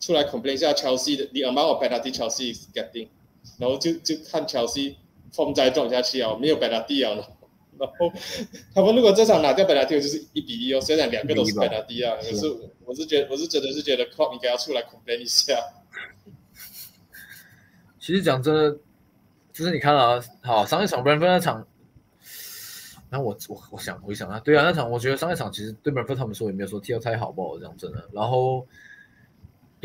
出來 complain 一下 Chelsea 的 the amount of penalty Chelsea is getting，然後就就看 Chelsea 風災裝下去啊，沒有 penalty 啊，咁，佢話如果這場拿掉 penalty，就是一比一哦，雖然兩個都是 penalty 啊，白可是我是覺得是我是真的是覺得，得，得 Crawley 應該要出來 complain 一下。其實講真的，就是你看啊，好上一場，場，Brentford 那場那我我我想回想啊，對啊，那場我覺得上一場其實對 Brentford 他們說也沒有說踢得太好，不好講真的，然後。